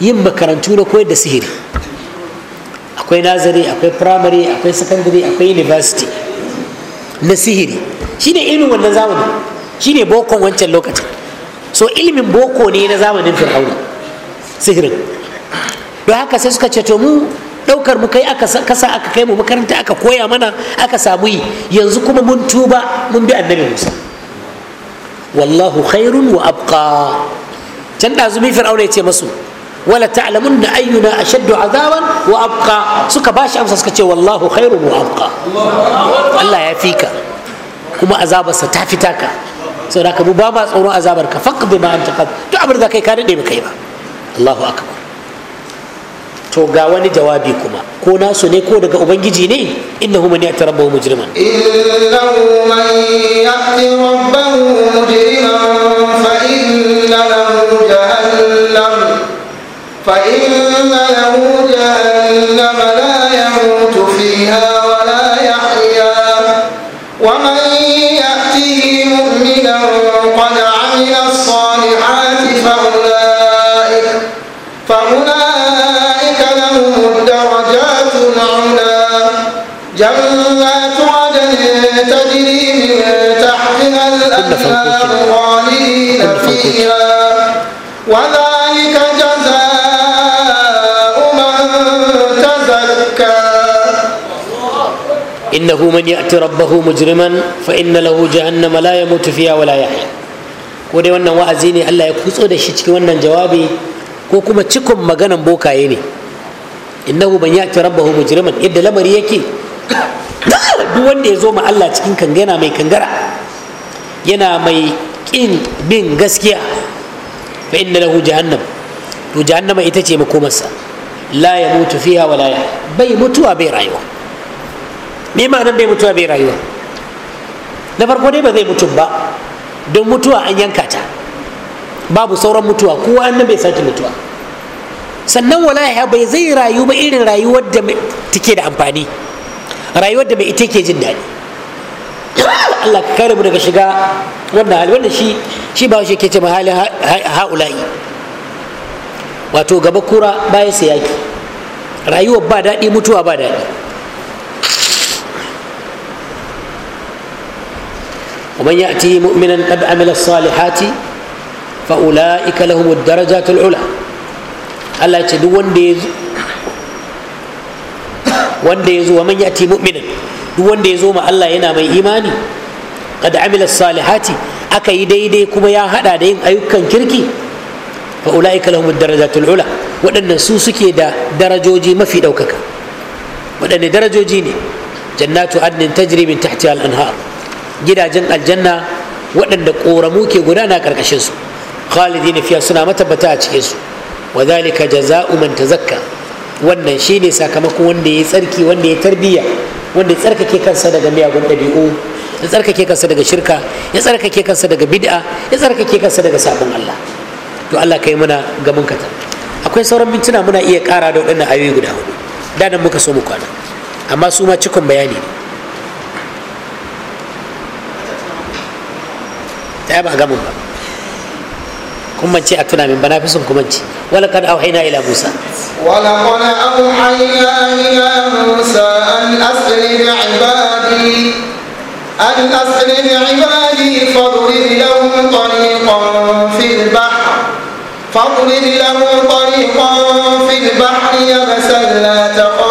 yin makarantu na koyar da sihiri akwai nazari akwai primary akwai secondary akwai university na sihiri shine ilimin wannan zamani shine bokon wancan lokacin so ilimin boko ne na zamanin fir'auna sihirin don haka sai suka ce to mu ɗaukar mu kai aka kasa aka kai mu makaranta aka koya mana aka samu yi yanzu kuma mun tuba mun bi annabi musa wallahu khairun wa abqa can ɗazumi fir'auna ya ce masu wala ta'lamun da ayyuna ashaddu azaban wa abqa suka bashi amsa suka ce wallahu khairun wa abqa Allah ya fika kuma azabarsa ta fita ka saboda ka ba ma tsoron azabar ka faqdi ma anta qad duk abin da kai ka dade ba kai ba to ga wani jawabi kuma ko nasu ne ko daga ubangiji ne innahu man ya'ti rabbahu mujriman innahu man ya'ti rabbahu mujriman fa inna lahu jahannam fa inna lahu jahannam la yamutu fiha wa la yahya wa man ya'tihi mu'minan جنات عدن تجري من تحتها الأنهار خالدين فيها وذلك جزاء من تزكى إنه من يأتي ربه مجرما فإن له جهنم لا يموت فيها ولا يحيا ودي wannan wa'azi ne Allah ya kutso da shi cikin wannan jawabi ko kuma cikon maganan bokaye ne innahu man ya'ti rabbahu mujriman idda lamari yake duk wanda ya zo ma Allah cikin kanga yana mai kangara yana mai kin bin gaskiya fa inna lahu jahannam to jahannama ita ce makomarsa la ya mutu fiha wala ya bai mutuwa bai rayuwa me ma'anar bai mutuwa bai rayuwa na farko dai ba zai mutu ba don mutuwa an yanka ta babu sauran mutuwa kowa annan bai sake mutuwa sannan wala ya bai zai rayu ba irin rayuwar da take da amfani rayuwar da mai ita ke jin daɗi Allah ka kare mu daga shiga wannan hali wanda shi shi ba shi ke ce halin ha'ula'i wato gaba kura bayan sa yaki rayuwar ba daɗi mutuwa ba daɗi ومن يأتي مؤمنا قد عمل الصالحات فأولئك لهم الدرجات العلى Allah ce duk wanda ya wanda ya zo wa man ti mu'minin duk wanda ya zo ma Allah yana mai imani qad amila salihati aka yi daidai kuma ya hada da yin ayyukan kirki fa ulaika lahum darajatul ula waɗannan su suke da darajoji mafi ɗaukaka waɗanne darajoji ne jannatu adnin tajri min tahtiha al-anhar gidajen aljanna waɗanda ƙoramu ke gudana karkashin su khalidina fiya suna matabbata a cikin su wa dhalika jazaa'u man tazakka wannan shi ne sakamakon wanda ya tsarki wanda ya tarbiyya wanda ya tsarkake kansa daga miyagun ɗabi'u ya tsarkake kansa daga shirka ya tsarkake kansa daga bid'a ya tsarkake kansa daga sabon Allah to Allah kai muna gamin kata akwai sauran mintuna muna iya ƙara da waɗannan ayoyi guda hudu da nan muka so mu kwana amma su ma cikon bayani ne ta ba gamin ba kun mance a tuna min bana fi sun kumanci wala kad auhayna ila musa wala qad auhayna ila musa an asri bi ibadi an asri bi ibadi fadrib lahum tariqan fil bahr fadrib lahum tariqan fil bahr yabsa la taqan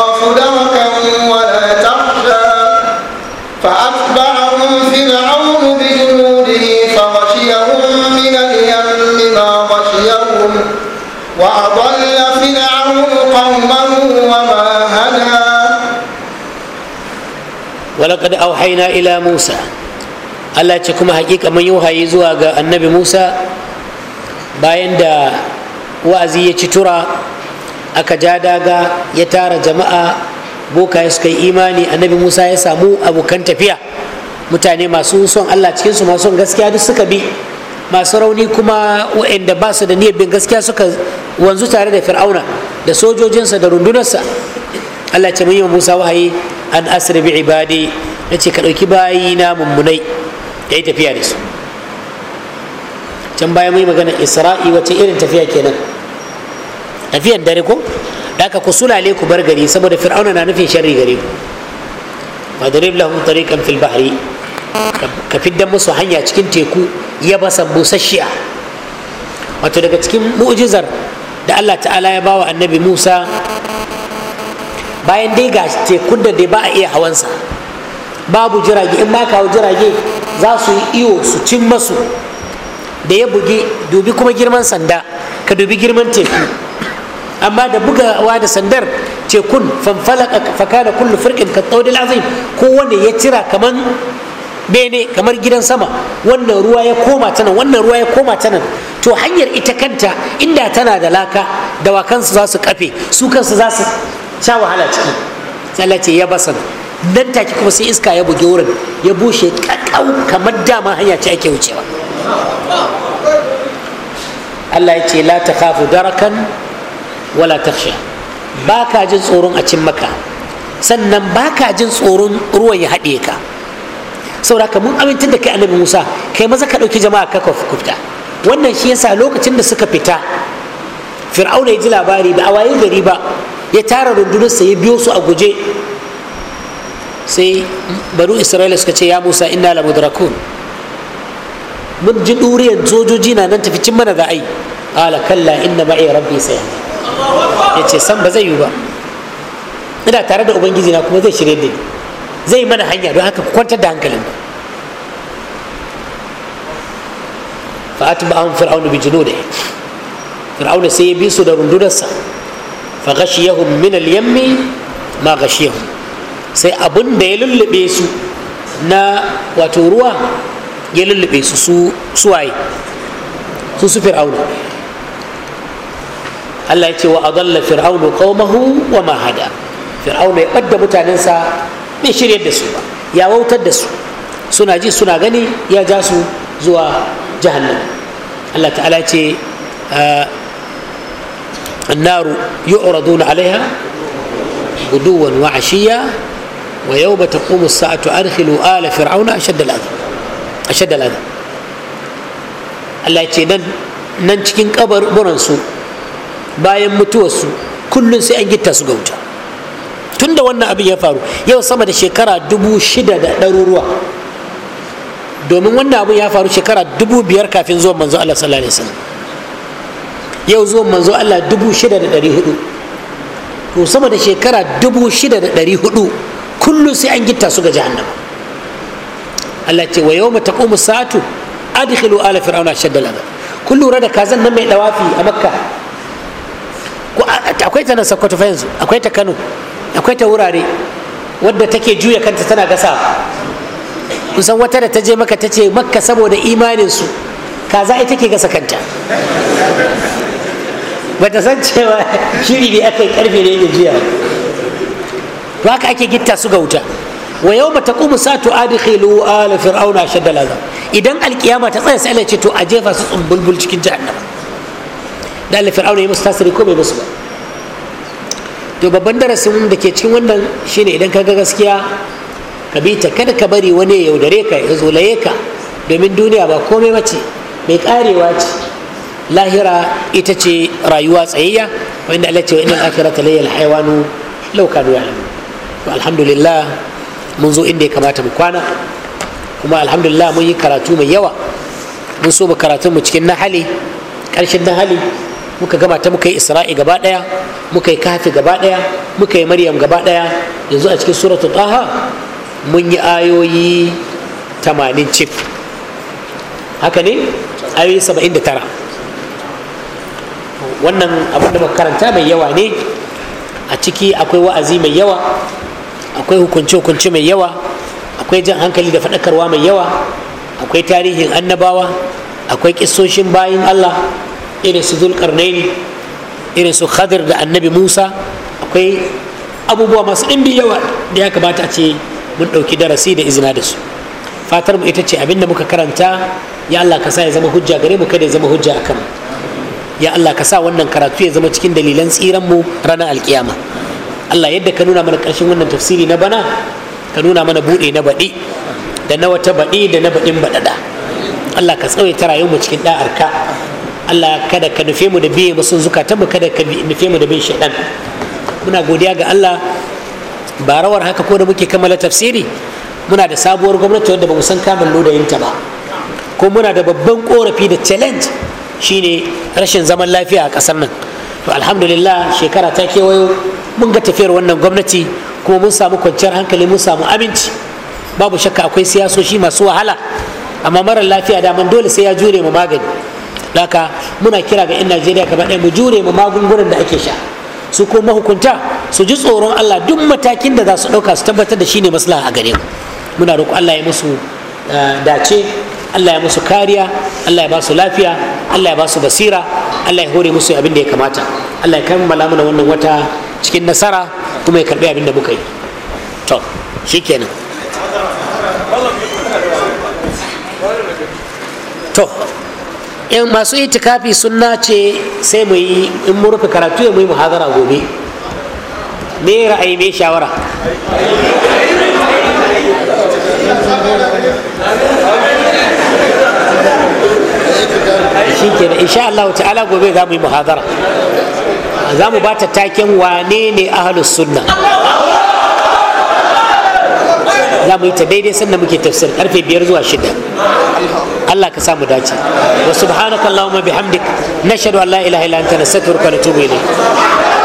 وأضل فرعون قومه وما هدى ولقد أوحينا إلى موسى Allah ce kuma hakika mun yi wahayi zuwa ga annabi Musa bayan da wa'azi ya ci tura aka ja daga ya tara jama'a bokaye suka yi imani annabi Musa ya samu abokan tafiya mutane masu son Allah cikin su masu son gaskiya duk suka bi masu rauni kuma waɗanda ba su da niyyar bin gaskiya suka wanzu tare da fir'auna da sojojinsa da rundunarsa Allah ce wa Musa wahayi an asri bi ibadi ce ka dauki na mummunai yayi tafiya da su can baya mun yi magana isra'i wace irin tafiya kenan tafiyan dare ko da aka ku sulale ku bar gari saboda fir'auna na nufin sharri gare ku wadrib lahum tariqan fil bahri ka fidda musu hanya cikin teku ya basa busasshiya wato daga cikin mu'jizar da Allah ta'ala ya bawa annabi Musa bayan dai ga tekun da dai ba a iya hawansa babu jirage in ma kawo jirage za su yi iyo su cin masu da ya bugi dubi kuma girman sanda ka dubi girman teku amma da bugawa da sandar tekun fanfalaka da kullu firkin ka tsaudi lazim ko ya cira kamar bene kamar gidan sama wannan ruwa ya koma tanan wannan ruwa ya koma tanan to hanyar ita kanta inda tana da laka dawakansu za su kafe su kansu za su sha wahala ciki Allah ce ya basan nan take kuma sai iska ya buge wurin ya bushe kakau kamar dama hanya ce ake wucewa Allah ya ce la ta kafu darakan wala taksha ba ka jin tsoron a cin maka sannan ba ka jin tsoron ruwan ya haɗe ka saboda mun amintar da kai annabi musa kai maza ka ɗauki jama'a ka kufta wannan shi yasa lokacin da suka fita fir'auna ya ji labari ba a wayin gari ba ya tara rundunarsa ya biyo su a guje sai baru isra'ila suka ce ya musa inna la mudrakun mun ji ɗuriyar sojoji na nan tafi cin mana za a yi ala kalla inna ma'i rabbi sai ya ce san ba zai yi ba ina tare da ubangiji na kuma zai shirya da ni zai mana hanya don haka kwantar da hankalin ku fa atba'ahum fir'aun bi junudihi fir'aun sai ya bi su da rundunarsa fa ghashiyahum min al-yammi ma ghashiyahum sai abunda da ya lullube su na wato ruwa ya lullube su su suwaye su su fir'aun Allah ya ce wa adalla fir'aunu qaumahu wa ma hada fir'aun ya badda mutanensa bai shiryar da su ba ya wautar da su suna ji suna gani ya ja su zuwa jahannam Allah ta'ala ce النار يعرضون عليها غدوا وعشيا ويوم تقوم الساعة أدخلوا آل ala fir'auna a أشد الأذى Allah ce nan cikin cikin kaburburansu bayan mutuwarsu kullum sai an gitta su gauta tun da wannan abin ya faru yau sama da shekara dubu shida da ɗaruruwa domin wannan abun ya faru shekara dubu biyar kafin zuwan manzo Allah sallallahu alaihi wasallam yau zuwan manzo Allah dubu shida da ɗari hudu to sama da shekara dubu shida da ɗari hudu kullum sai an gitta su ga jahannama Allah ce wa yawma taqumu sa'atu adkhilu ala fir'auna shaddal adab kun lura da kazan nan mai dawafi a makka akwai ta nan sakkwato fa yanzu akwai ta kano akwai ta wurare wadda take juya kanta tana gasa kusan wata da ta je maka ta ce makka saboda imaninsu kaza ita ke gasa kanta ba ta san cewa shiri ne aka yi karfe ne jiya ba ka ake gitta su ga wuta wa yau ba ta kuma sa to adkhilu ala fir'auna shadda laza idan alkiyama ta tsaya sai Allah ce to a jefa su tsumbulbul cikin jahannama da ala fir'auna ya musu tasiri ko bai musu ba to babban darasin da ke cikin wannan shine idan ka ga gaskiya ka bi ta kada ka bari wani ya yaudare ka ya zolaye ka domin duniya ba komai bace mai karewa ce lahira ita ce rayuwa tsayayya wanda Allah ce wa innal akhirata layal haywanu law kanu ya'lamun to alhamdulillah mun zo inda ya kamata mu kwana kuma alhamdulillah mun yi karatu mai yawa mun so mu karatun mu cikin nahali karshen nahali muka gama ta muka yi isra'i gaba daya muka yi kafi gaba daya muka yi maryam gaba daya yanzu a cikin suratul taha mun yi ayoyi 80 cif haka ne ayoyi 79 wannan abinda da karanta mai yawa ne a ciki akwai wa'azi mai yawa akwai hukunce-hukunce mai yawa akwai jan hankali da faɗakarwa mai yawa akwai tarihin annabawa akwai ƙisoshin bayan allah irin su zulƙarnaini irin su khadir da annabi musa akwai abubuwa masu ɗimbi yawa da ya kamata a ce mun ɗauki darasi da izina da su fatar mu ita ce abinda muka karanta ya Allah ka sa ya zama hujja gare mu kada ya zama hujja a kanmu ya Allah ka sa wannan karatu ya zama cikin dalilan tsiran mu ranar alkiyama Allah yadda ka nuna mana ƙarshen wannan tafsiri na bana ka nuna mana buɗe na baɗi da na wata baɗi da na baɗin baɗaɗa Allah ka ta rayu mu cikin ɗa'arka Allah kada ka nufe mu da biye mu mu kada ka nufe mu da bin shaɗan muna godiya ga Allah ba rawar haka ko da muke kammala tafsiri muna da sabuwar gwamnati wadda ba mu san kamun lodayinta ba ko muna da babban korafi da challenge shine rashin zaman lafiya a ƙasar nan to alhamdulillah shekara ta kewayo mun ga tafiyar wannan gwamnati kuma mun samu kwanciyar hankali mun samu aminci babu shakka akwai siyasoshi masu wahala amma mara lafiya daman dole sai ya jure mu magani laka muna kira ga 'yan najeriya gaba ɗaya mu jure mu magungunan da ake sha su ko mahukunta su ji tsoron Allah duk matakin da za su ɗauka su tabbatar da shine maslaha a gare mu muna roƙo Allah ya musu eh, dace Allah ya musu kariya Allah ya ba su lafiya Allah ya ba su basira Allah ya hore musu abin da ya kamata Allah ya kammala mana wannan wata cikin nasara kuma ya karbi abin da muka yi to shikenan to yan masu itikafi sunna ce sai mu yi in mu rufe karatu ya mu yi muhazara gobe me ra'ayi me shawara shi ke da insha Allah ta'ala gobe za mu yi muhadara? za mu ba ta taken wane ne ahalus sunna za mu yi ta daidai sannan muke tafsir karfe biyar zuwa shida Allah ka samu dace wa subhanakallahumma bihamdik nashhadu an la ilaha illa anta nastaghfiruka wa natubu ilayk